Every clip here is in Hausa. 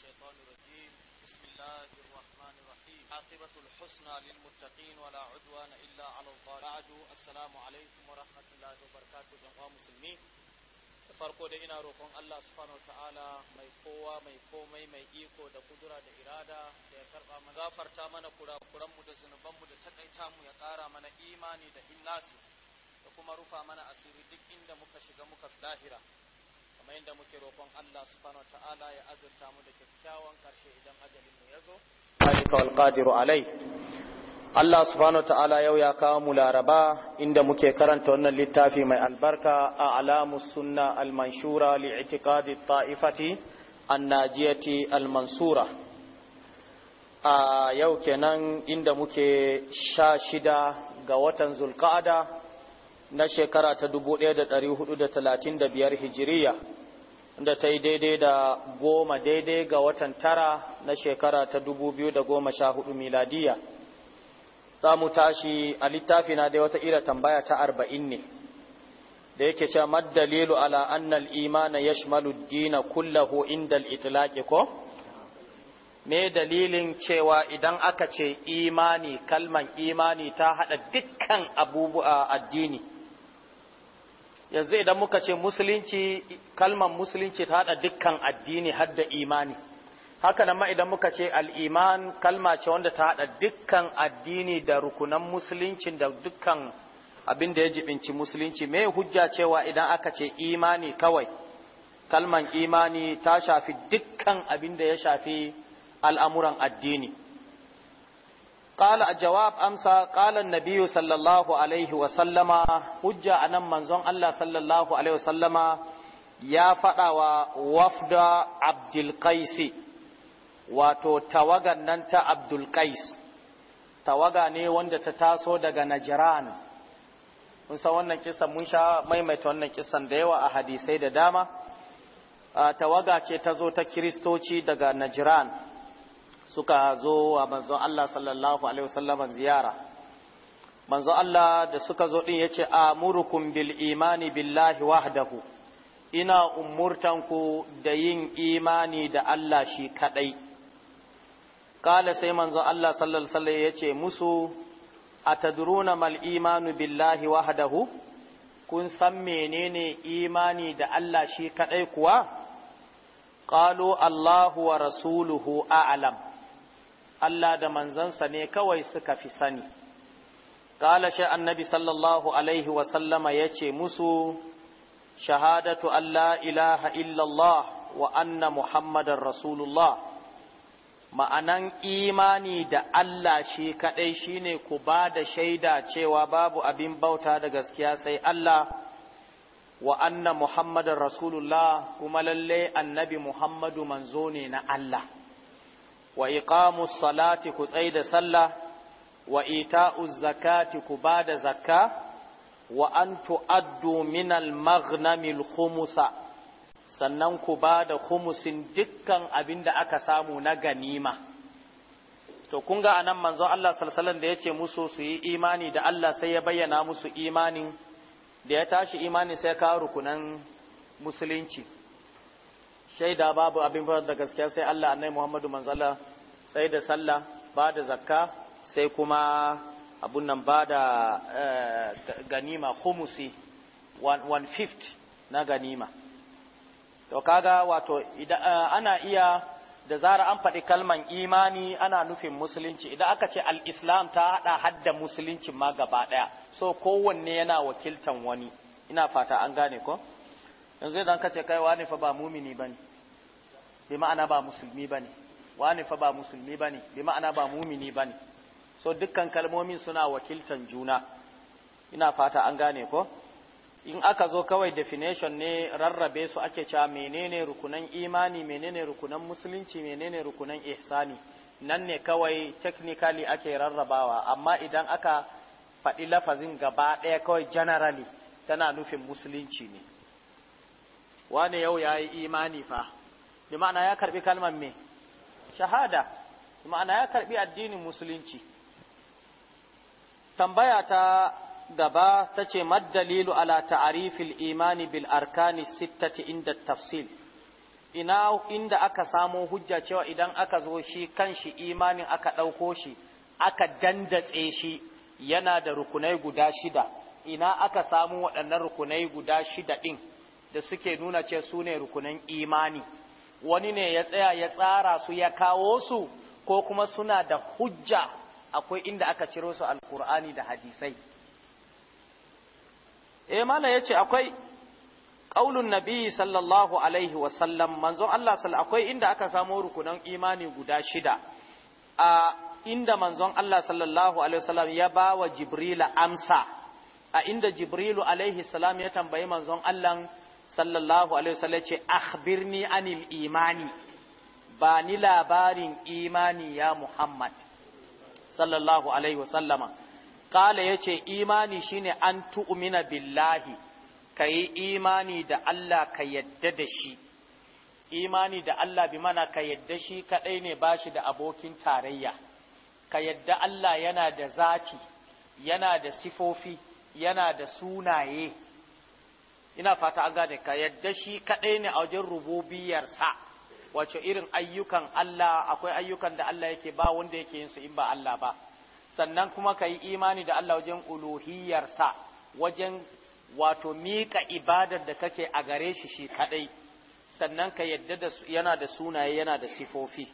الشيطان الرجيم بسم الله الرحمن الرحيم عاقبة الحسنى للمتقين ولا عدوان إلا على الظالمين السلام عليكم ورحمة الله وبركاته جمع مسلمين farko da ina roƙon Allah subhanahu ta'ala mai kowa mai komai mai iko da kudura da irada da ya karba mana gafarta mana kurakuran mu da zunuban mu da takaita mu ya ƙara mana imani da ihlasi da kuma rufa mana asiri duk inda muka shiga muka lahira kamar yadda muke roƙon Allah subhanahu ta'ala ya azurta mu da kyakkyawan karshe idan ajalin mu ya zo wal qadiru alai Allah subhanahu ta'ala yau ya kawo mu laraba inda muke karanta wannan littafi mai albarka a alamu sunna al manshura li i'tiqadi ta'ifati an najiyati al mansura a yau kenan inda muke sha shida ga watan zulqa'ada na shekara ta 1435 hijiriya da ta yi daidai da goma daidai ga watan tara na shekara ta dubu biyu da goma sha hudu miladiya za mu tashi a littafi na dai wata ira tambaya ta arba'in ne da yake cewa maddalilu ala annal imana yashmalu dina kullahu indal itlaqi ko me dalilin cewa idan aka ce imani kalman imani ta hada dukkan abubuwa addini yanzu idan muka ce musulunci kalmar musulunci ta haɗa dukkan addini har da imani haka nan ma idan muka ce al'iman kalma ce wanda ta haɗa dukkan addini da rukunan musulunci da dukkan abin da ya jibinci musulunci me hujja cewa idan aka ce imani kawai kalman imani ta shafi dukkan abin da ya shafi al'amuran addini قال جواب أمسى قال النبي صلى الله عليه وسلم حجة أنا منزون الله صلى الله عليه وسلم يا فدا وفد عبد القيس wato tawagan nan ta Abdul Qais tawaga ne wanda ta taso daga Najran mun san wannan kisan mun sha maimaita wannan kisan da yawa a hadisai da dama tawaga ce ta zo ta kiristoci daga Najran suka zo a manzon Allah sallallahu alaihi ziyara manzon Allah da suka zo din yace amurukum bil imani billahi wahdahu ina umurtanku da yin imani da Allah shi kadai kala sai manzon Allah sallallahu alaihi wasallam yace musu atadruna mal imanu billahi wahdahu kun san menene imani da Allah shi kadai kuwa Kalo Allahu wa rasuluhu a'lam Allah da manzansa ne kawai suka fi sani qala shi annabi sallallahu alaihi wa sallama yace musu shahadatu alla ilaha illallah wa anna Muhammadan rasulullah ma'anan imani da Allah shi kadai shine ku ba da shaida cewa babu abin bauta da gaskiya sai Allah wa anna Muhammadan rasulullah kuma lalle annabi muhammadu manzo ne na Allah wa iqamu salati ku tsai da sallah wa ita'u zakati ku ba da zakka wa an tu'addu minal maghnamil khumsa sannan ku ba da khumusin dukkan abin da aka samu na ganima to kun ga anan manzo Allah sallallahu da yace musu su yi imani da Allah sai ya bayyana musu imanin da ya tashi imani sai ka rukunan musulunci shaida babu abin farar da gaskiya sai Allah annai Muhammadu manzala sai da sallah ba da zakka sai kuma abun nan ba da eh, ganima humusi one fifth na ganima to kaga wato eh, ana iya da zara an faɗi kalman imani ana nufin musulunci idan aka ce al-islam ta haɗa hadda musulunci ma gaba ɗaya so kowanne yana wakiltan wani ina fata an gane ko yanzu idan ka ce kai wani fa ba mumini bane bi ma'ana ba musulmi bane wani fa ba musulmi bane bi ma'ana ba mumini bane so dukkan kalmomin suna wakiltan juna ina fata an gane ko in aka zo kawai definition ne rarrabe su ake cewa menene rukunan imani menene rukunan musulunci menene rukunan ihsani nan ne kawai technically ake rarrabawa amma idan aka faɗi lafazin gaba ɗaya kawai generally tana nufin musulunci ne wane yau ya yi imani fa bi ma'ana ya karbi kalmar me shahada bi ma'ana ya karbi addinin musulunci tambaya ta gaba ta ce dalilu ala ta'arifil imani bil arkani sittati inda tafsil ina inda aka samo hujja cewa idan aka zo shi kanshi imanin aka ɗauko shi aka dandatse shi yana da rukunai guda shida ina aka samu waɗannan rukunai guda shida ɗin da suke nuna ce su ne rukunan imani wani ne ya tsaya ya tsara su ya kawo su ko kuma suna da hujja akwai inda aka ciro su alkur'ani da hadisai imana eh, ya ce akwai ƙaunin nabi sallallahu alaihi wa sallam Allah sallallahu akwai inda aka samo rukunan imani guda shida a inda manzon Allah sallallahu alaihi wasallam ya bawa jibrila amsa a inda jibrilu alaihi salam ya tambayi manzon Allah sallallahu alaihi wasallam ce akhbirni anil imani ba ni labarin imani ya Muhammad sallallahu alaihi wasallama kala yace imani shine an tu'mina billahi kai imani da Allah ka yadda da shi imani da Allah bi mana ka yadda shi kadai ne bashi da abokin tarayya ka yadda Allah yana da zati yana da sifofi yana da sunaye ina fata an gane ka yadda shi kaɗai ne a wajen rububiyarsa wace irin ayyukan Allah akwai ayyukan da Allah yake ba wanda yake yin su in ba Allah ba sannan kuma ka yi imani da Allah wajen uluhiyarsa wajen wato miƙa ibadar da kake a gare shi shi kaɗai sannan ka yadda da yana da sunaye yana da sifofi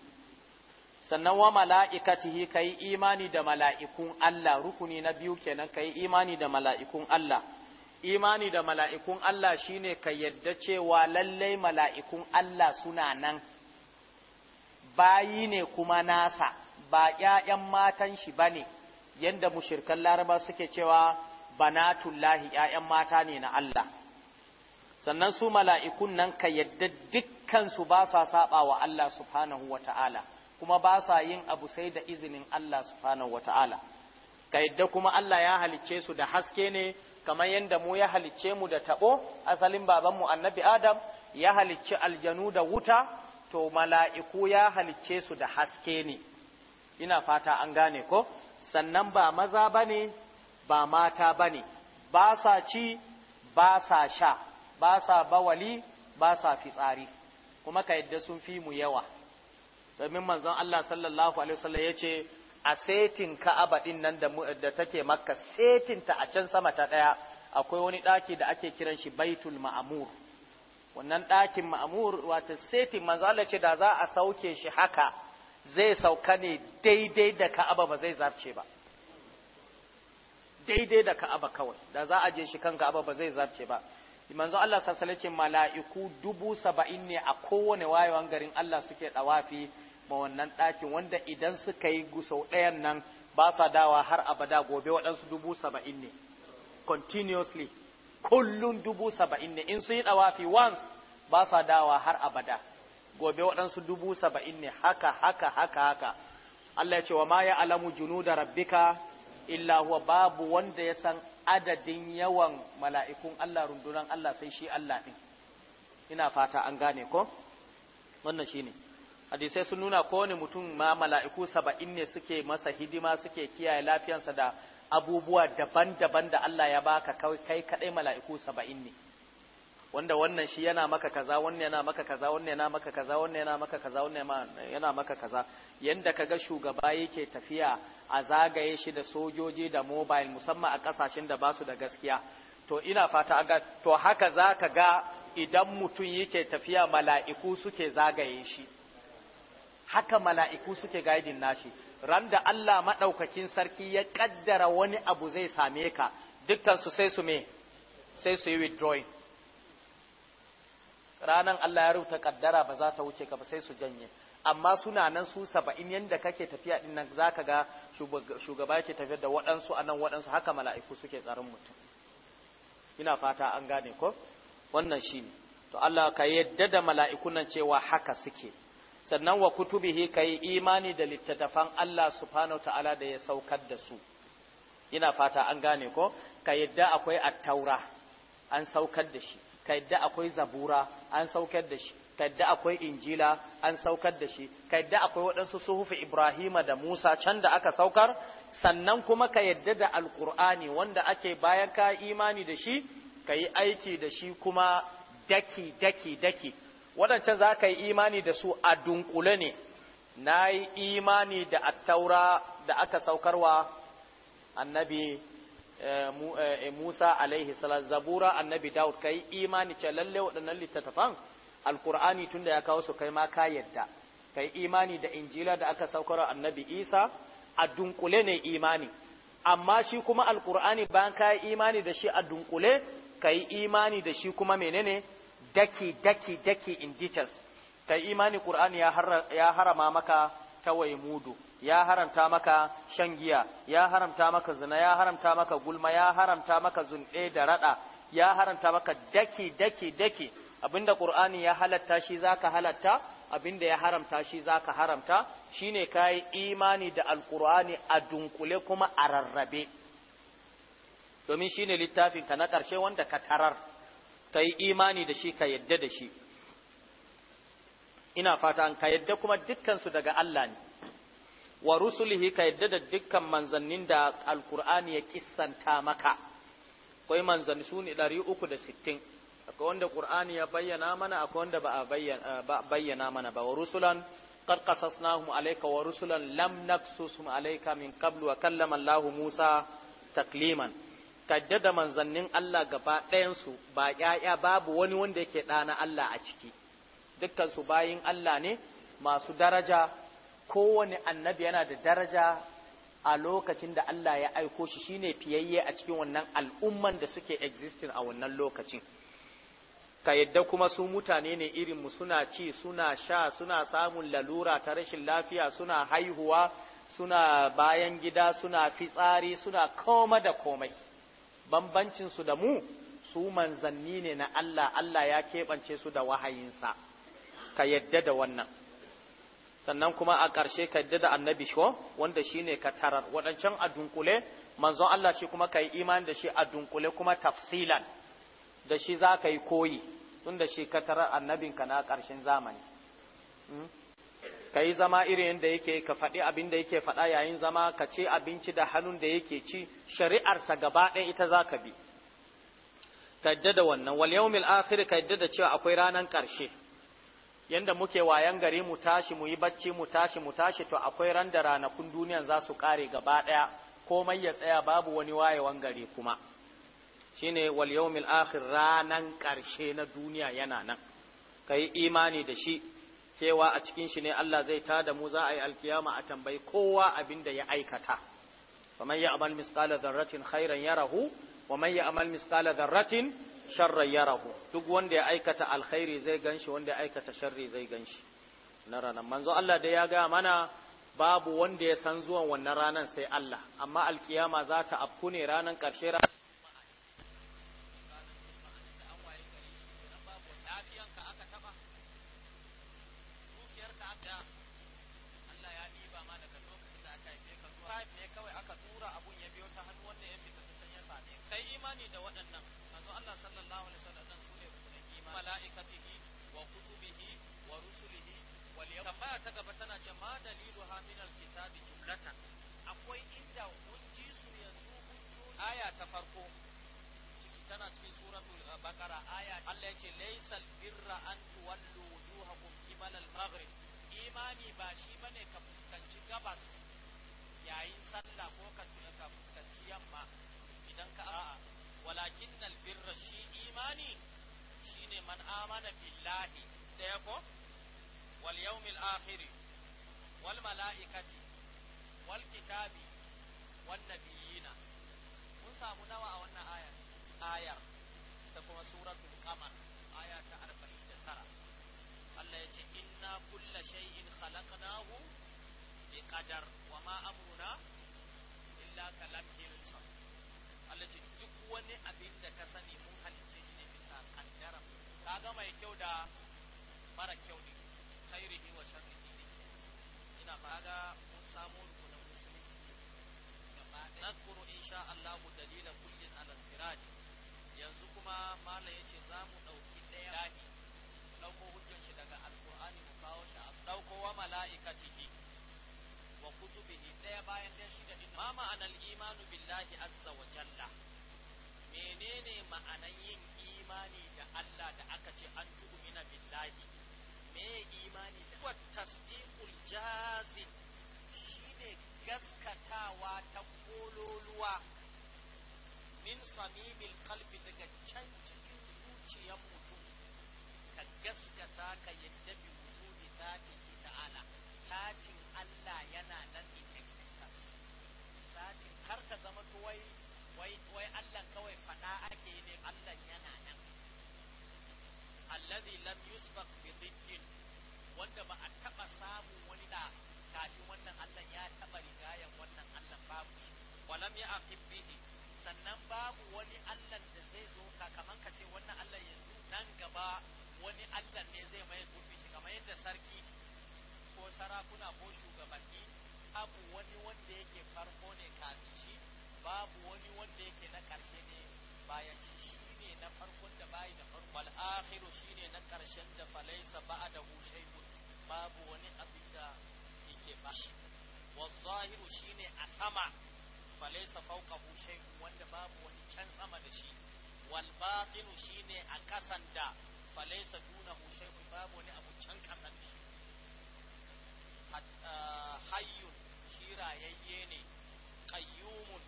sannan wa mala'ikatihi ka yi imani da mala'ikun Allah rukuni na biyu kenan ka yi imani da mala'ikun Allah imani da mala'ikun Allah shine ka yadda cewa lallai mala'ikun Allah suna nan bayi ne kuma nasa ba ‘ya'yan matan shi ba ne yadda mushirkan laraba suke cewa banatullahi ‘ya'yan mata ne na Allah sannan su mala'ikun nan ka yadda dukkansu ba sa saba wa Allah subhanahu wa ta'ala kuma ba sa yin abu sai da izinin Allah subhanahu wa ta'ala ka yadda kuma Allah ya halicce su da haske ne kamar yadda mu ya halicce mu da tabo asalin babanmu annabi adam ya halicci aljanu da wuta to mala'iku ya halicce su da haske ne ina fata an gane ko sannan ba maza bane ba mata bane ba sa ci ba sa sha ba sa bawali ba sa fitsari kuma ka yadda sun fi mu yawa domin manzon Allah sallallahu alaihi wasallam yace a setin ka'aba din nan da, take makka setinta a can sama ta ɗaya akwai wani ɗaki da ake kiran shi baitul ma'amur wannan ɗakin ma'amur wata setin manzo ce da za a sauke shi haka zai sauka ne daidai da ka'aba ba zai zarce ba daidai da ka'aba kawai da za a je shi kan ka'aba ba zai zarce ba manzo Allah sallallahu alaihi mala'iku dubu saba'in ne a kowane wayewan garin Allah suke dawafi ma wannan ɗakin wanda idan suka yi sau ɗayan nan ba sa dawa har abada gobe waɗansu dubu saba'in ne continuously kullum dubu saba'in ne in sun yi ɗawafi once ba sa dawa har abada gobe waɗansu dubu saba'in ne haka haka haka haka Allah ya ce wa ma ya alamu junu da rabbika illa huwa babu wanda ya san adadin yawan mala'ikun Allah rundunan Allah sai shi Allah ɗin ina fata an gane ko wannan shine ne hadisai sun nuna kowane mutum ma mala'iku saba'in ne suke masa hidima suke kiyaye lafiyansa da abubuwa daban-daban da Allah ya baka kai kaɗai mala'iku saba'in ne wanda wannan shi yana maka kaza wannan yana maka kaza wannan yana maka kaza wannan yana maka kaza wannan yana maka kaza yanda kaga shugaba yake tafiya a zagaye shi da sojoji da mobile musamman a kasashen da basu da gaskiya to ina fata aga to haka zaka ga idan mutum yake tafiya mala'iku suke zagaye shi haka mala'iku suke gaidin nashi ran da Allah maɗaukakin sarki ya ƙaddara wani abu zai same ka dukkan su sai su me sai su yi withdrawing ranan Allah ya rubuta kaddara ba za ta wuce ka ba sai su janye amma suna nan su saba'in yadda kake tafiya ɗin nan za ga shugaba yake tafiya da waɗansu a nan waɗansu haka mala'iku suke tsarin mutum ina fata an gane ko wannan shi ne to Allah ka yadda da mala'ikunan cewa haka suke sannan wa kutubihi kai imani da littattafan Allah subhanahu ta'ala da ya saukar da su ina fata an gane ko ka yadda akwai attaura an saukar da shi ka yadda akwai zabura an saukar da shi ka yadda akwai injila an saukar da shi ka yadda akwai waɗansu suhufi ibrahima da musa can da aka saukar sannan kuma ka yadda da alkur'ani wanda ake bayan ka imani da shi ka yi aiki da shi kuma daki daki daki waɗancan za ka yi imani da su a dunkule ne na yi imani da attaura da aka saukarwa annabi eh, eh, Musa alaihi salam zabura annabi Dawud yi imani ce lalle waɗannan littattafan alkur'ani da ya kawo su kai ma ka yadda Ka yi imani da injila da aka saukarwa annabi Isa a dunkule ne imani amma shi kuma alkur'ani bayan ka yi imani da shi a dunkule yi imani da shi kuma menene daki daki daki in details kai imani qur'ani ya harama maka tawai mudu ya haramta maka shan giya ya haramta maka zina ya haramta maka gulma ya haramta maka zunɗe da rada ya haramta maka daki daki daki abinda qur'ani ya halatta shi zaka halatta abinda ya haramta shi zaka haramta shine kai imani da alqur'ani a dunkule kuma a rarrabe domin shine littafin ka na ƙarshe wanda ka tarar ka yi imani da shi ka yadda da shi ina fata an ka yadda kuma dukkansu daga Allah ne wa rusulihi ka yadda da dukkan manzannin da alkur'ani ya kissanta maka akwai manzanni su ne 360 akwai wanda qur'ani ya bayyana mana akwai wanda ba a eh, bayyana mana ba wa rusulan qad qasasnahum alayka wa rusulan lam naqsusum alayka min qablu wa kallama Allah Musa takliman kadda da manzannin Allah gaba ɗayansu ba ‘ya'ya babu wani wanda yake ɗana Allah a ciki, dukkansu bayin Allah ne masu daraja, kowane annabi yana da daraja a lokacin da Allah ya aiko shi shine fiyayye a cikin wannan al'umman da suke existing a wannan lokacin. Ka yadda kuma su mutane ne irinmu suna ci, suna sha, suna samun lalura ta rashin lafiya, suna haihuwa, suna bayan gida, suna fitsari, suna koma da komai. bambancin da mu su manzanni ne na Allah Allah ya keɓance su da wahayinsa ka yadda da wannan sannan kuma a ƙarshe ka yadda da annabi sho wanda shine ka tarar waɗancan a dunkule manzon Allah shi kuma ka yi imani da shi a dunkule kuma tafsilan da shi za ka yi koyi tun da shi ka tarar annabinka na ƙarshen zamani hmm? ka yi zama irin yadda yake ka faɗi abin da yake faɗa yayin zama ka ce abinci da hannun da yake ci shari'arsa gaba ɗaya ita za ka bi ka yadda da wannan wal yawmil akhir ka yadda da cewa akwai ranan ƙarshe yanda muke wayan gari mu tashi mu yi bacci mu tashi mu tashi to akwai ran da ranakun duniyan za su ƙare gaba ɗaya komai ya tsaya babu wani wayewan gari kuma shine wal yawmil akhir ranan ƙarshe na duniya yana nan ka yi imani da shi cewa a cikin shi ne Allah zai da mu za a yi alkiyama a tambayi kowa abin da ya aikata faman ya amal misqala dharratin khairan yarahu wa man ya misqala dharratin sharran yarahu duk wanda ya aikata alkhairi zai ganshi wanda ya aikata sharri zai ganshi na ranar manzo Allah da ya ga mana babu wanda ya san zuwan wannan ranan sai Allah amma alkiyama za ta afku ne ranan karshe ranar imani da waɗannan manzo Allah sallallahu alaihi wasallam su ne rukunin imani malaikatihi wa kutubihi wa rusulihi wal yawm tambaya ta gaba tana ce ma dalilu ha min alkitabi jumlatan akwai inda kun ji su yanzu kun aya ta farko tana cikin suratul eh, baqara aya Allah yace laysal birra an tuwallu wujuhakum qibala al-maghrib imani ba shi bane ka fuskanci gabas yayin sallah ko ka ka fuskanci yamma idan ka a'a walakin albirra shi imani shine man amana billahi daya ko wal yawmil akhir wal malaikati wal kitabi wan nabiyina mun samu nawa a wannan ayar ayar ta kuma suratul qamar aya ta 49 Allah ya ce inna kulla shay'in khalaqnahu biqadar wa ma amruna illa kalamhil sabr Allah ce duk wani abin da ka sani mun halicce shi ne bisa kaddara ga mai kyau da mara kyau ne khairihi wa sharrihi ne ina ba ga mun samu rukunin musulunci gaba ɗaya nakuru insha Allah dalila kullin alal yanzu kuma malam yace za mu dauki ɗaya dahi dauko hujjan shi daga alqur'ani mu kawo shi a dauko wa mala'ikatihi wa kutubihi ɗaya bayan ɗaya shida da ma ma'anar imanu billahi azza wa jalla menene ma'anan yin imani da Allah da aka ce an tu'mina billahi me imani da wa tasdiqul jazim shine gaskatawa ta kololuwa min samimil qalbi daga can cikin zuciyar mutum ka gaskata ka yadda bi wujudi zati ta'ala tatin Allah yana nan in existence sati kar ka zama wai wai wai Allah kawai fada ake ne Allah yana nan alladhi lam yusbaq bi dhiddin wanda ba a taba samu wani da kafin wannan Allah ya taba rigayen wannan Allah babu shi walam ya aqib bihi sannan babu wani Allah da zai zo ka kaman ka ce wannan Allah yanzu nan gaba wani Allah ne zai mai gurbi shi kamar yadda sarki ko sarakuna ko shugabanni abu wani wanda yake farko ne kafin shi babu wani wanda yake na ƙarshe ne bayan shi shi ne na farkon da bayi da farko wal akhiru shi ne na ƙarshen da falaisa hu shay'un babu wani abin da yake ba shi wal zahiru shi ne a sama falaisa hu shay'un wanda babu wani can sama da shi wal batinu shi ne a kasan da falaisa hu shay'un babu wani abu can kasan da shi Uh, hayyun shirayayye ne ƙayyumun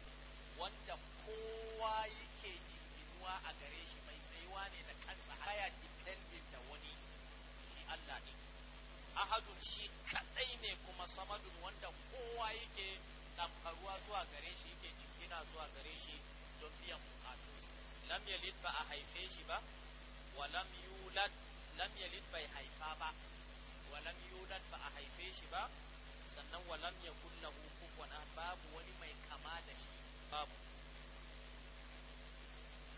wanda kowa yake jinuwa a gare shi mai tsayuwa ne da kansa haya dependent da wani shi Allah ne ahadun shi kadai ne kuma samadun wanda kowa yake damkaruwa zuwa gare shi yake jingina zuwa gare shi don biyan bukatu lam yalid ba a haife shi ba wa lam yulad lam yalid bai haifa ba walam yulad ba a haife shi ba sannan walam ya kullahu kufuwan babu wani mai kama da shi babu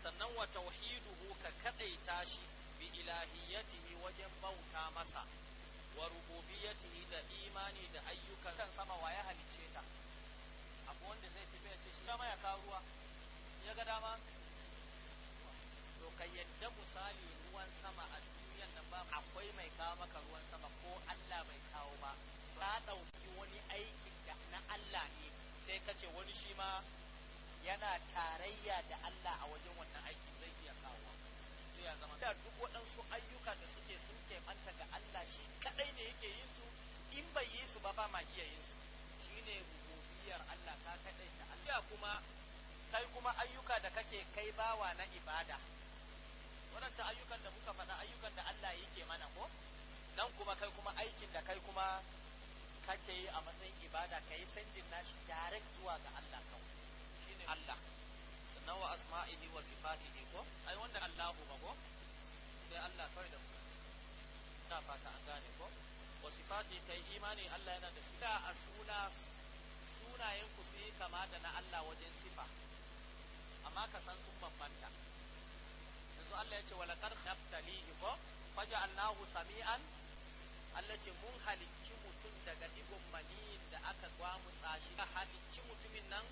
sannan wa tauhiduhu ka kadaita shi bi ilahiyatihi wajen bauta masa wa rububiyatihi da imani da ayyukan kan sama wa ya halicce ta abu wanda zai fi bai ce shi kama ya kawo ruwa ya ga dama to ka yadda misali ruwan sama a ba akwai mai kawo maka ruwan sama ko Allah bai kawo ba ba ɗauki wani aiki da na Allah ne sai ka ce wani shi ma yana tarayya da Allah a wajen wannan aikin zai iya kawo ya zama da duk waɗansu ayyuka da suke sun manta ga Allah shi kadai ne yake yin su in bai yi su ba ba ma iya yin su shine rububiyar Allah ta kadai da Allah kuma kai kuma ayyuka da kake kai bawa na ibada waɗancan ayyukan da muka faɗa ayyukan da Allah yake mana ko nan kuma kai kuma aikin da kai kuma kake yi a matsayin ibada ka yi sandin nashi direct zuwa ga Allah kawai shine Allah sannan wa asma'ihi wa sifatihi ko ai wanda Allahu ba ko sai Allah kawai da mu ta fata an gane ko wa sifati kai imani Allah yana da sifa a suna sunayen ku sai kama da na Allah wajen sifa amma ka san sun bambanta manzo Allah ya ce wa laqad khaftalihi ko faja'alnahu sami'an Allah ce mun halicci mutum daga digon mani da aka gwamutsa shi ka halicci mutumin nan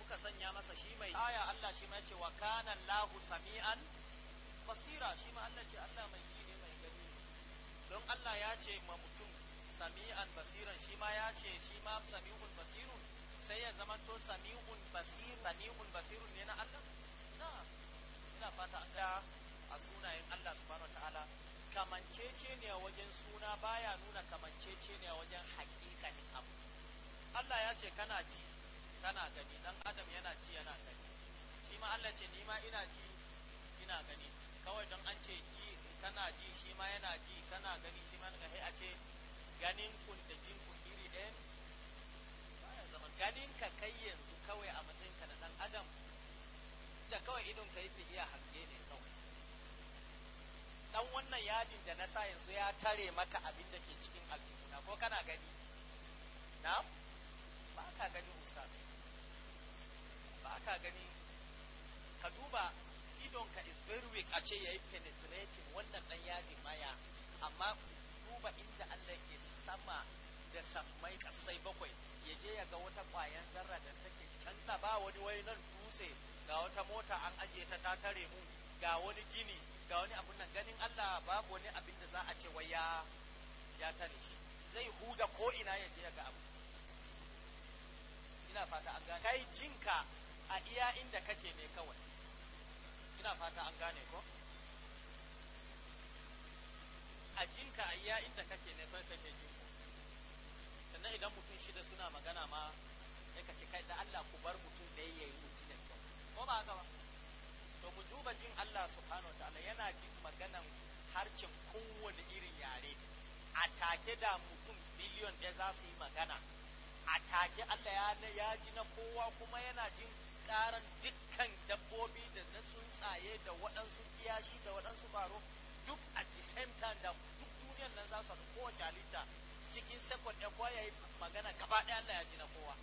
muka sanya masa shi mai aya Allah shi ma ya ce wa kana Allahu sami'an basira shi ma Allah ce Allah mai ji ne mai gani don Allah ya ce ma mutum sami'an basiran shi ma ya ce shi ma sami'un basirun sai ya zama to sami'un basir sami'un basirun ne na Allah na'am ina fata an da a sunayen Allah subhanahu wataala kamanceceniya wajen suna baya nuna kamanceceniya wajen hakikanin abu Allah ya ce kana ji kana gani dan adam yana ji yana gani shi ma Allah ce ni ma ina ji ina gani kawai don an ce ji kana ji shi ma yana ji kana gani shi ma ga a ce ganin ku da jin ku iri ɗaya ne ganin ka kai yanzu kawai a matsayin ka na dan adam da kawai idon ka yake iya hange ne kawai dan wannan yadin da na sa yanzu ya tare maka abin da ke cikin aljihuna ko kana gani na ba ka gani ustaz ba ka gani ka duba idon ka is very weak a ce yayi penetrating wannan dan yadin maya amma duba inda Allah ke sama da sammai kasai bakwai ya je ya ga wata kwayan zarra da take canza ba wani wai nan dutse ga wata mota an aje ta ta tare mu ga wani gini ga wani abun nan ganin Allah babu wani abin da za a ce wai ya ya tare shi zai huda ko ina ya je ga abu ina fata an gane kai jinka a iya inda kake ne kawai ina fata an gane ko a jinka a iya inda kake ne sai kake jinka sannan idan mutum shida suna magana ma ya kake kai da Allah ku bar mutum da yayi mutum da kyau ko ba haka ba to mu duba jin Allah subhanahu wataala yana jin maganan harcin kowane irin yare a take da mutum biliyon da za su yi magana a take Allah ya ya ji na kowa kuma yana jin karan dukkan dabbobi da na tsuntsaye da waɗansu kiyashi da waɗansu baro duk a the same time da duk duniyar nan za su haɗu kowace halitta cikin second ɗaya kowa ya yi magana gaba ɗaya Allah ya ji na kowa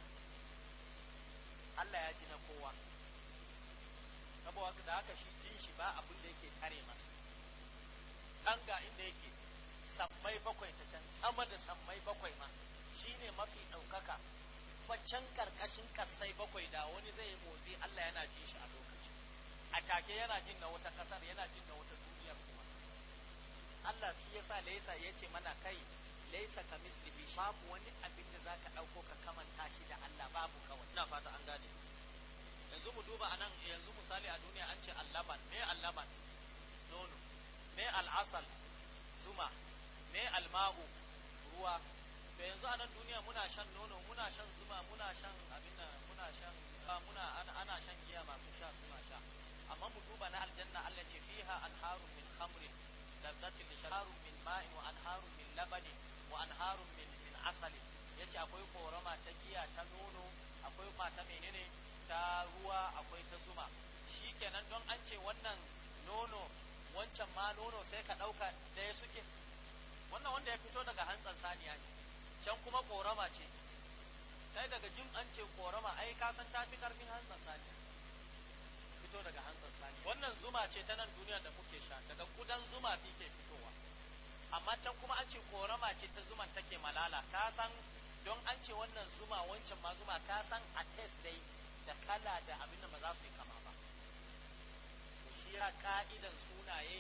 Allah ya ji na kowa saboda da haka shi jin shi ba abin da yake kare masa an inda yake sammai bakwai ta can sama da sammai bakwai ma shine mafi ɗaukaka can karkashin kasai bakwai da wani zai yi motsi Allah yana jin shi a lokaci a take yana jin na wata kasar yana jin na wata duniyar kuma Allah shi yasa laisa ya ce mana kai laisa ka mislibi babu wani abin da zaka dauko ka kamanta shi da Allah babu kawai ina fata an gane yanzu mu duba anan yanzu misali a duniya an ce allaban me allaban nono me al'asal zuma me alma'u ruwa da yanzu a nan duniya muna shan nono muna shan zuma muna shan abin da muna shan zuba muna ana shan giya masu sha zuma sha amma mu duba na aljanna Allah ce fiha anharun min khamrin lazzatin lishararun min ma'in wa anharun min labani wa anharun min min asali yace akwai korama ta giya ta nono akwai mata menene ta ruwa akwai ta zuma shi kenan don an ce wannan nono wancan ma nono sai ka ɗauka ɗaya suke wannan wanda ya fito daga hantsan saniya ne can kuma ƙorama ce sai daga jin an ce ƙorama ai ka san ta fi karfin hantsan saniya fito daga hantsan saniya wannan zuma ce ta nan duniya da muke sha daga kudan zuma fi ke fitowa amma can kuma an ce ƙorama ce ta zuman take malala ka san don an ce wannan zuma wancan ma zuma ka san a test dai da kala da abin da ba za su yi kama ba shi ya ka'idan sunaye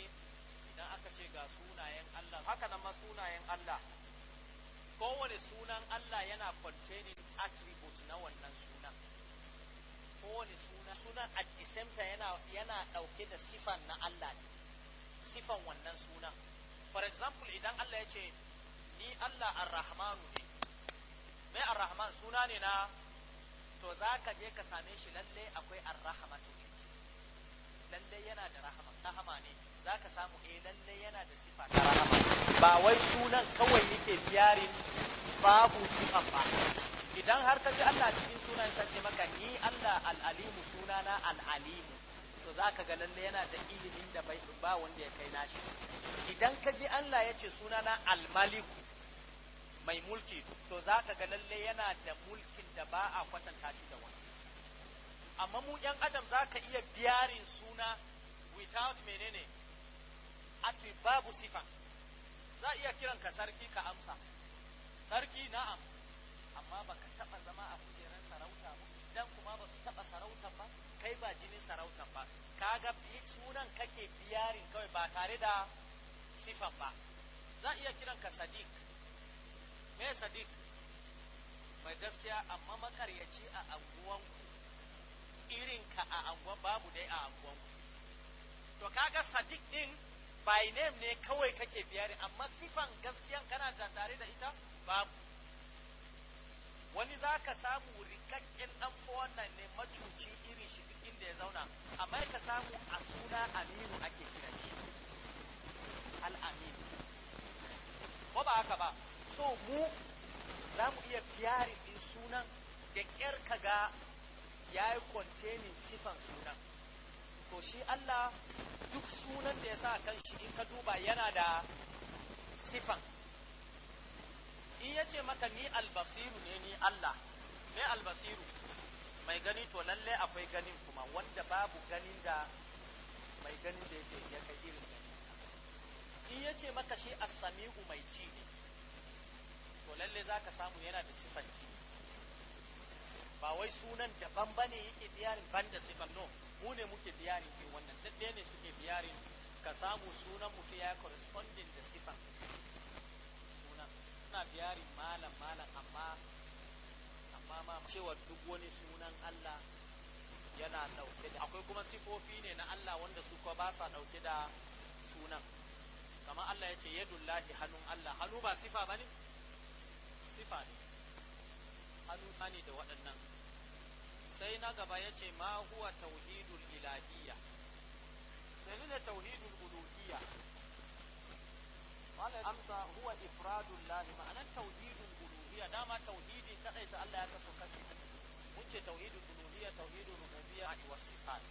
idan aka ce ga sunayen Allah haka nan ma sunayen Allah kowane sunan Allah yana containing attributes na wannan sunan kowane sunan sunan at the same time yana yana dauke da sifan na Allah ne sifan wannan sunan for example idan Allah ya ce ni Allah ar-Rahmanu ne mai ar-Rahman suna ne na to za ka je ka same shi lalle akwai to lalle yana da rahama rahama ne za ka samu eh lalle yana da sifa ta rahama ba wai sunan kawai yake biyarin babu sifan ba idan har ka ji Allah cikin sunan ta ce maka ni Allah al-alimu sunana al-alimu to za ka ga lalle yana da ilimin da bai ba wanda ya kai nashi idan ka ji Allah ya ce sunana al-maliku mai mulki to za ka ga lalle yana da mulkin da ba a kwatanta shi da wani amma mu ‘yan adam za ka iya biyarin suna without menene ati babu sifan za iya kiran ka sarki ka amsa sarki na'am amma ba ka taɓa zama a kujerar sarauta ba dan kuma ba su taɓa sarauta ba kai ba jinin sarauta ba kaga sunan kake biyarin kawai ba tare da sifan ba za iya kiran ka sadiq eh sadiq mai gaskiya amma makaryaci a anguwanku irinka a anguwa babu dai a anguwanku to kaga sadiq din by name ne kawai kake biyari amma sifan gaskiyan kana da tare da ita babu wani za ka samu rikakken dan wannan ne macuci irin shi duk inda ya zauna amma ka samu a suna aminu ake kira shi al-aminu ko ba haka ba so mu za mu iya fiyari din sunan da ƙyar ga ya yi containing sifan sunan to shi Allah duk sunan da ya sa kan shi in ka duba yana da sifan in ya ce maka ni albasiru ne ni Allah mai albasiru mai gani to lalle akwai ganin kuma wanda babu ganin da mai ganin da ya kai irin in ya ce maka shi as mai ci ne to lalle za ka samu yana da sifan ba wai sunan daban ba ne yake biyarin ban da sifan no mu ne muke biyarin ke wannan daɗe ne suke biyarin ka samu sunan mutu ya corresponding da sifan sunan suna biyarin malam malam amma amma ma cewa duk wani sunan Allah yana dauke da akwai kuma sifofi ne na Allah wanda su kuma ba sa dauke da sunan kamar Allah ya ce yadullahi hannun Allah hannu ba sifa ba sifa ne an ne da waɗannan sai na gaba ya ce ma huwa tauhidul ilahiyya menene tauhidul uluhiyya wala amsa huwa ifradul lahi tauhidul uluhiyya dama tauhidi kadai da Allah ya kashi mun ce tauhidul uluhiyya tauhidul rububiyya sifat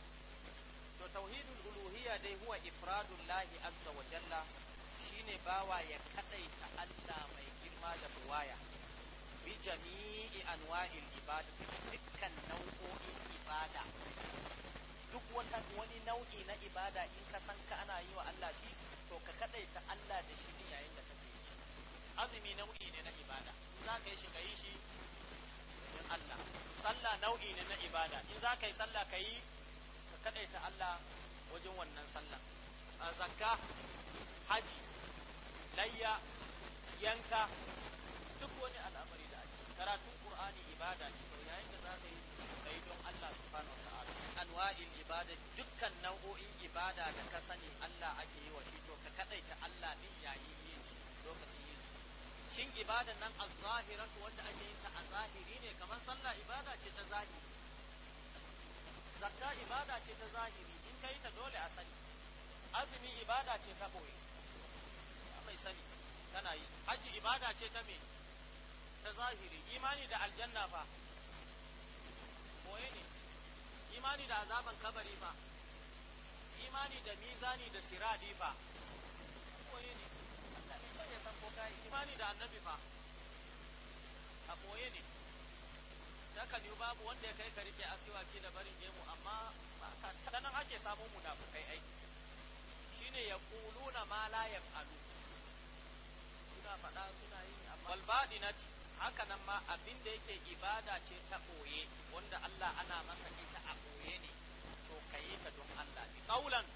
to tauhidul uluhiyya dai huwa ifradul lahi azza wa jalla shine bawa ya kadai ta Allah mai girma da buwaya bi jami'i anwa'il ibada dukkan nau'o'in ibada duk wata wani nau'i na ibada in ka san ka ana yi wa Allah shi to ka kadaita Allah da shi ne yayin da kake yi azumi nau'i ne na ibada in za ka yi shi ka yi shi don Allah sallah nau'i ne na ibada in za ka yi sallah ka yi ka kadaita Allah wajen wannan sallah a zakka layya yanka duk wani al'amari karatun qur'ani ibada ne to yayin da za ka yi kai don Allah subhanahu wataala anwa'il ibada dukkan nau'o'in ibada da ka sani Allah ake yi wa shi to ka kadaita Allah din yayin yin shi lokacin yin shi shin ibadan nan az-zahiratu wanda ake yin ta a zahiri ne kamar sallah ibada ce ta zahiri zakka ibada ce ta zahiri in kai ta dole a sani azumi ibada ce ta boye mai sani kana yi haji ibada ce ta me ta zahiri imani da aljanna fa boye ne imani da azaban kabari fa imani da mizani da siradi fa boye ne imani da annabi fa a boye ne daga ne babu wanda ya kai ka rike ke da barin gemu amma ta nan ake samun munafukai ai shine ya kuluna ma la yaf'alu suna faɗa suna yi amma balbadi ci. haka nan ma abin da yake ibada ce ta ɓoye wanda Allah ana masa ita a ɓoye ne to ka yi ta don Allah bi kaulan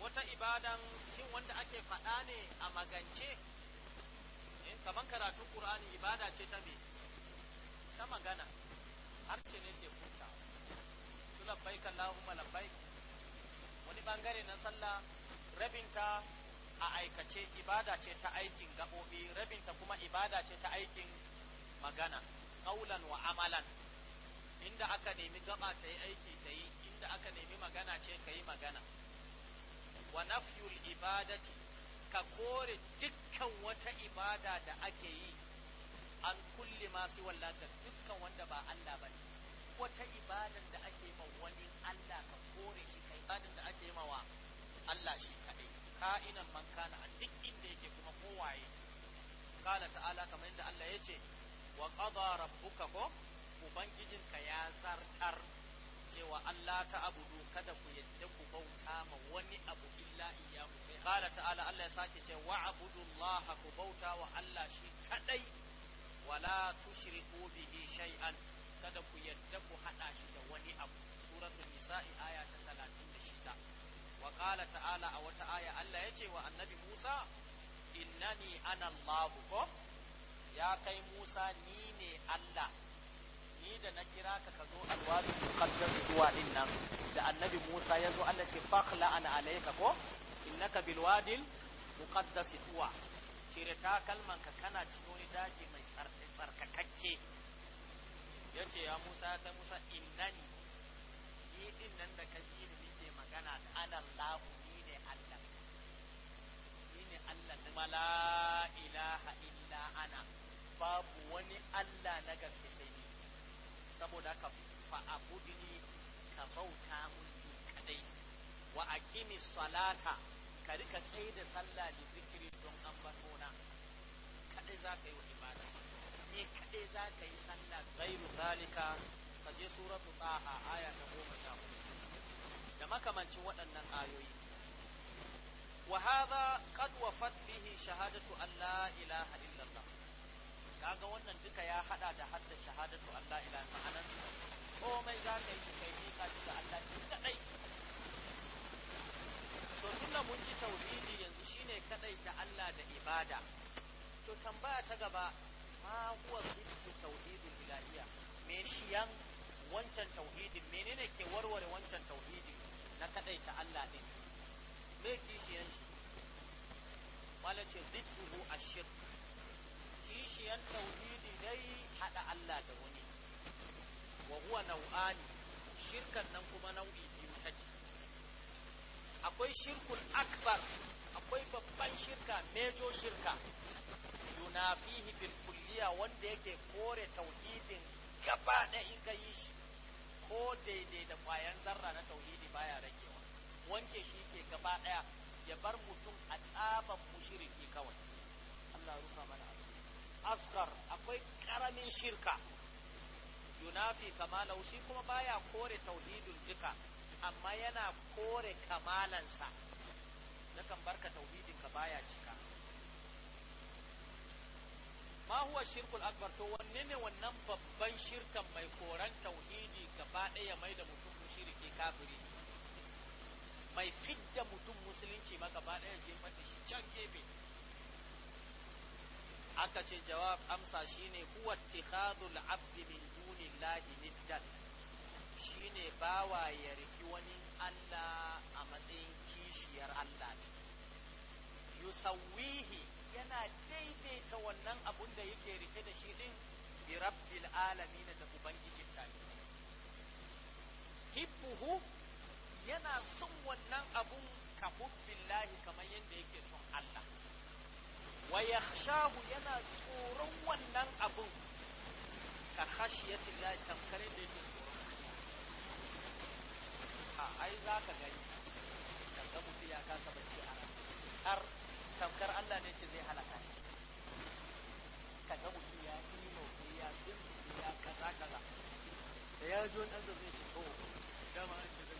wata ibadan shin wanda ake faɗa ne a magance in eh, kaman karatun Qur'ani ibada ce ta me ta magana har ce ne ke kuta labbaik Allahumma labbaik wani bangare na sallah rabinta a aikace ibada ce ta aikin gabobi rabinta kuma ibada ce ta aikin magana kaulan wa amalan inda aka nemi gaba ta yi aiki ta yi inda aka nemi magana ce ka yi magana wa nafyul ibadati ka kore dukkan wata ibada da ake yi an kulle masu wallata dukkan wanda ba Allah ba wata ibadan da ake ma wani Allah ka kore shi ka ibadan da ake mawa Allah shi kaɗai ka'inan man kana a duk inda yake kuma kowaye kala ta'ala kamar yadda Allah ya ce wa qada rabbuka ko ubangijinka ya zartar cewa Allah ta abudu kada ku yadda ku bauta ma wani abu illa iyyahu sai qala ta'ala Allah ya sake ce wa abudullaha ku bauta wa Allah shi kadai wala tushriku bihi shay'an kada ku yadda ku hada shi da wani abu suratul nisa'i aya ta 36 wa qala ta'ala a wata aya Allah ya ce wa annabi Musa innani ana Allah ko ya kai Musa ni ne Allah ni da na kira ka ka zo alwadu muqaddar zuwa din nan da annabi Musa ya zo Allah ce fakhla an alayka ko innaka bil wadil muqaddas tuwa cire takalman ka kana cikin daji mai tsarkakakke ce ya Musa ta Musa innani ni din nan da ka ji ni nake magana da Allah na mala ilaha illa ana babu wani Allah na gaske sai ni saboda ka fa'abudni ka bauta mun kadai wa aqimi salata ka rika tsaye da sallah da zikiri don ambato na kadai za ka yi wa ibada ne kadai za ka yi sallah gairu zalika ka je suratu taha aya ta goma sha da makamancin waɗannan ayoyi وهذا قد وفت به شهادة أن لا إله إلا الله kaga wannan duka ya hada da hadda shahadatu Allah ila ma'anar komai za ka yi kai ni ka ji Allah ki kadai to tunda mun ji tauhidi yanzu shine kadai da Allah da ibada to tambaya ta gaba ma huwa zikru tauhidul ilahiyya me shiyan wancan tauhidin menene ke warware wancan tauhidin na kadai ta Allah ɗin? me kishiyan shi mala ce zidduhu ashirk kishiyan tauhidi dai hada Allah da wani wa huwa nau'ani shirkan nan kuma nau'i biyu take akwai shirkul akbar akwai babban shirka mejo shirka yunafihi bil kulliya wanda yake kore tauhidin gaba da in ka yi shi ko daidai da kwayan zarra na tauhidi baya ragewa wanke shi ke gaba ɗaya ya bar mutum a tsaban mushriki kawai Allah mana akwai karamin shirka yunafi kamalau shi kuma baya kore tauhidin duka amma yana kore kamalansa nakan barka tauhidin ka baya cika ma huwa shirkul akbar to wanne ne wannan babban shirkan mai koran tauhidi gaba ɗaya mai da mutum mushriki kafiri mai fidda mutum musulunci ma gaba ɗaya je faɗi shi can gefe aka ce jawab amsa shine huwa ittikhadul abdi min dunillahi niddan shine bawa ya riki wani Allah a matsayin kishiyar Allah ne yusawwihi yana daidaita wannan abun da yake rike da shi din bi rabbil alamin da ubangijin ta hibbuhu yana son wannan abun ka hubbillahi kamar yadda yake son Allah wa yakhshahu yana tsoron wannan abun ka khashiyati Allah tamkar da yake tsoron a ai za ka gani kaga mutum ya kasa bacci a ran har tamkar Allah ne ce zai halaka shi kaga mutum ya yi mauki ya tsinci ya kaza kaza da ya zo dan zai ce to oh, dama an ce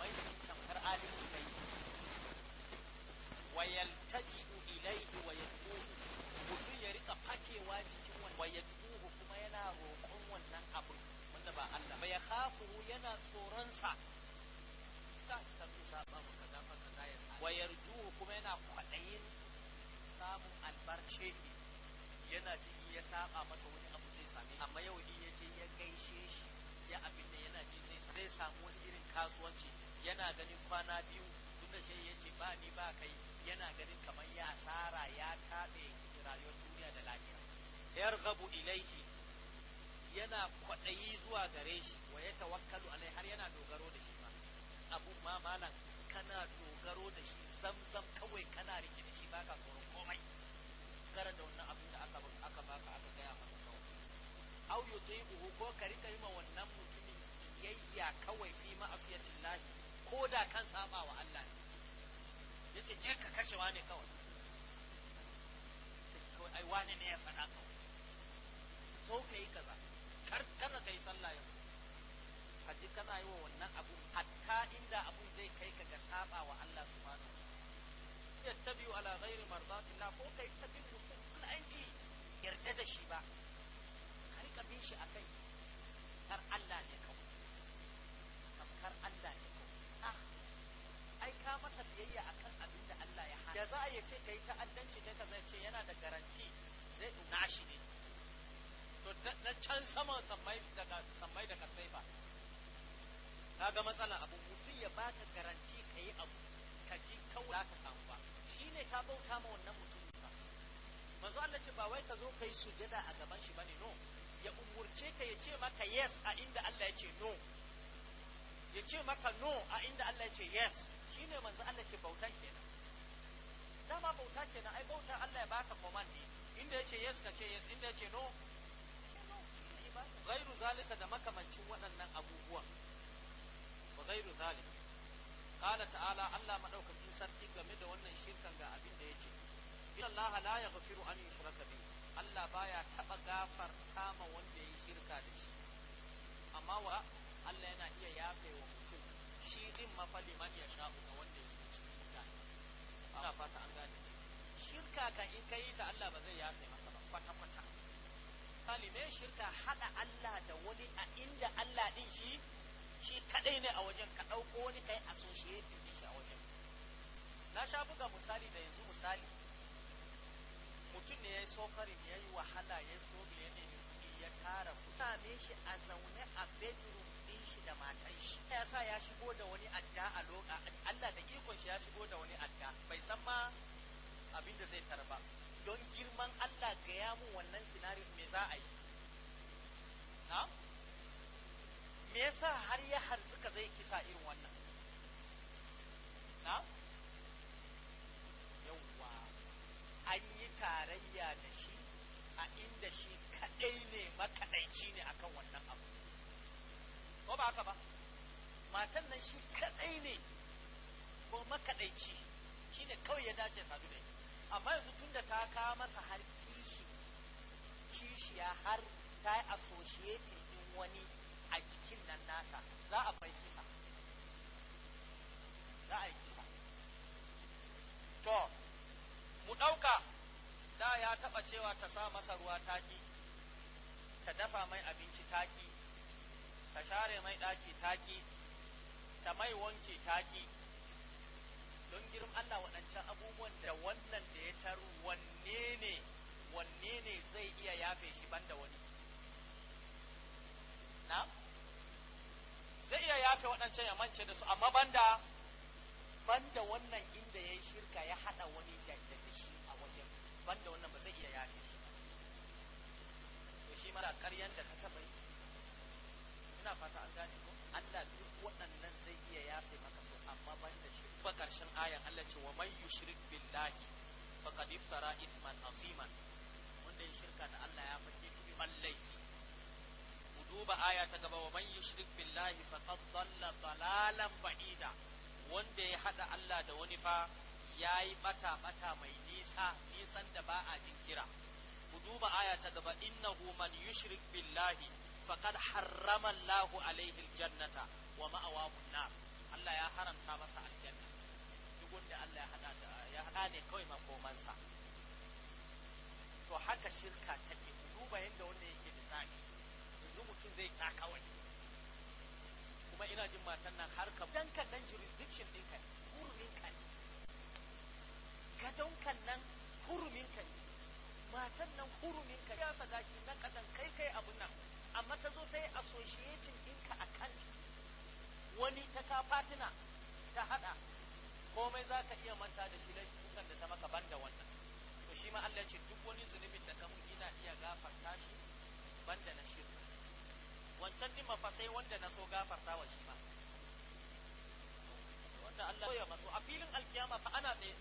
mai da shi tamkar alimin kai wa yaltaji'u ilaihi wa yad'uhu mutum ya rika fakewa jikin wani. wa yad'uhu kuma yana roƙon wannan abu wanda ba Allah ba kafu yana tsoron sa ta tafi saba mu kaza fa kaza ya sa wa yarjuhu kuma yana kwaɗayin samun albarce yana jin ya saba masa wani abu zai same amma yau in ya je ya gaishe shi ya abin da yana ji zai samu wani irin kasuwanci yana ganin kwana biyu tunda shi ya ce ba ni ba kai yana ganin kamar ya asara ya kaɗe rayuwar duniya da lafiya yar gabu ilaihi yana kwaɗayi zuwa gare shi wa ya tawakkalu alai har yana dogaro da shi ma abu ma malam kana dogaro da shi zamzam kawai kana rike da shi baka tsoron komai gara da wannan abin da aka baka aka gaya maka au yutibuhu ko ka rika yi ma wannan mutumin kiyayya kawai fi ma'asiyatin lahi ko da kan saba wa Allah ne yace je ka kashe wani kawai kawai ai wani ne ya faɗa kawai so kai yi kaza kar kana kai sallah yau ka ji kana yi wa wannan abu hatta inda abun zai kai ka ga saba wa Allah subhanahu yattabi'u ala ghairi mardatillah ko kai tabin mutum kun aiki yarda da shi ba bi shi a kai kar Allah ne Allah ne ah, ai ka masa biyayya akan abin da Allah ya hana da za a yi ce kai ta'addanci da ka zai ce yana da garanti zai na shi ne to na can sammai daga sammai daga sai ba matsala abu mutum ya baka garanti ka yi abu ka ji kawai ka samu ba ne ka bauta ma wannan mutum ba manzo Allah ce ba wai ka zo ka yi sujada a gaban shi bane no ya umurce ka ya ce maka yes a inda Allah ya ce no ya ce maka no a inda Allah ya ce yes shine manzo Allah ce bauta kenan dama bauta kenan ai bauta Allah ya baka command ne inda ya ce yes ka ce yes inda ya ce no gairu zalika da makamancin waɗannan abubuwan ba gairu zalika qala ta'ala Allah madaukakin sarki game da wannan shirkan ga abin da yace inna Allah la yaghfiru an yushraka bihi Allah baya taɓa gafarta ma wanda ya shirka da shi amma wa Allah yana iya yafe wa mutum shi din mafali man ya sha'u ga wanda ya zuci mutane ina fata an gane shirka kan in kai ta Allah ba zai yafe maka ba kwata kwata ne shirka hada Allah da wani a inda Allah din shi shi kadai ne a wajen ka dauko wani kai associated din shi a wajen na sha buga misali da yanzu misali mutum ne ya yi sofarin ya yi wahala ya sobe ya nemi kuɗi ya tara kuɗi same shi a zaune a bedroom ɗin shi da matan shi ya sa ya shigo da wani adda a loka Allah da ikon shi ya shigo da wani adda bai san ma abin da zai tarba don girman Allah gaya mu wannan sinari me za a yi na me yasa har ya harzuka zai kisa irin wannan na yawwa an yi. tarayya da shi a inda shi kadai ne makadaici ne akan wannan abu ko ba haka ba matan nan shi kadai ne ko makadaici shine kawai ya dace sadu da shi amma yanzu tun ta kawo masa har kishi kishiya har ta yi associating wani a jikin nan nasa za a fahimci taba cewa ta sa masa ruwa taki ta dafa mai abinci taki ta share mai ɗaki taki ta mai wanke taki don girin Allah waɗancan abubuwan da wannan da ya taru wanne ne wanne ne zai iya yafe shi banda wani na zai iya yafe waɗancan ya mance da su amma banda banda wannan inda ya yi shirka ya haɗa wani da shi a wajen banda wannan ba zai iya yafe shi to shi mara karyan da ka taba yi ina fata an gane ko Allah duk waɗannan zai iya yafe maka so amma banda shi ba karshen ayan Allah ce wa man yushrik billahi faqad iftara ithman aziman wanda ya shirka da Allah ya fake tuban laifi ku duba aya ta gaba wa man yushrik billahi faqad dalla dalalan ba'ida wanda ya hada Allah da wani fa ya yi bata-bata mai nisa nisan da ba a jinkira ku duba aya ta gaba innahu man yushrik billahi faqad harrama Allahu alaihi aljannata wa ma'awahu nar Allah ya haramta masa aljanna duk wanda Allah ya hada da ya hada ne kawai makomansa to haka shirka take ku duba yanda wanda yake da zaki yanzu mutum zai taka wani kuma ina jin matan nan har ka dan ka dan jurisdiction ɗinka hurumin ka ne gadonkan nan hurumin ka ne matan nan hurumin ka huruminka ya sadaki na kadan kai kai abun nan amma ta zo sai yi associating ɗinka a kan wani ta ka fatina ta haɗa komai za ka iya manta da shi laifukan da ta maka ban da wannan to shi ma Allah ce duk wani zunubin da kamun ina iya gafarta shi da na shirka wancan din fa sai wanda na so gafarta wa shi ma wanda Allah ya maso a filin alkiyama fa ana tsaye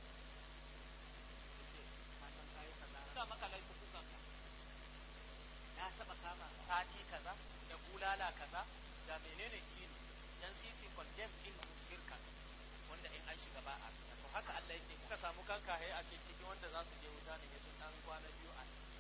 rubuta maka laifukan ka na taba kama sati kaza da bulala kaza da menene kini dan sisi condemn din shirka wanda in an shiga ba a to haka Allah yake kuka samu kanka hai a cikin wanda zasu je wuta ne sun dan kwana biyu a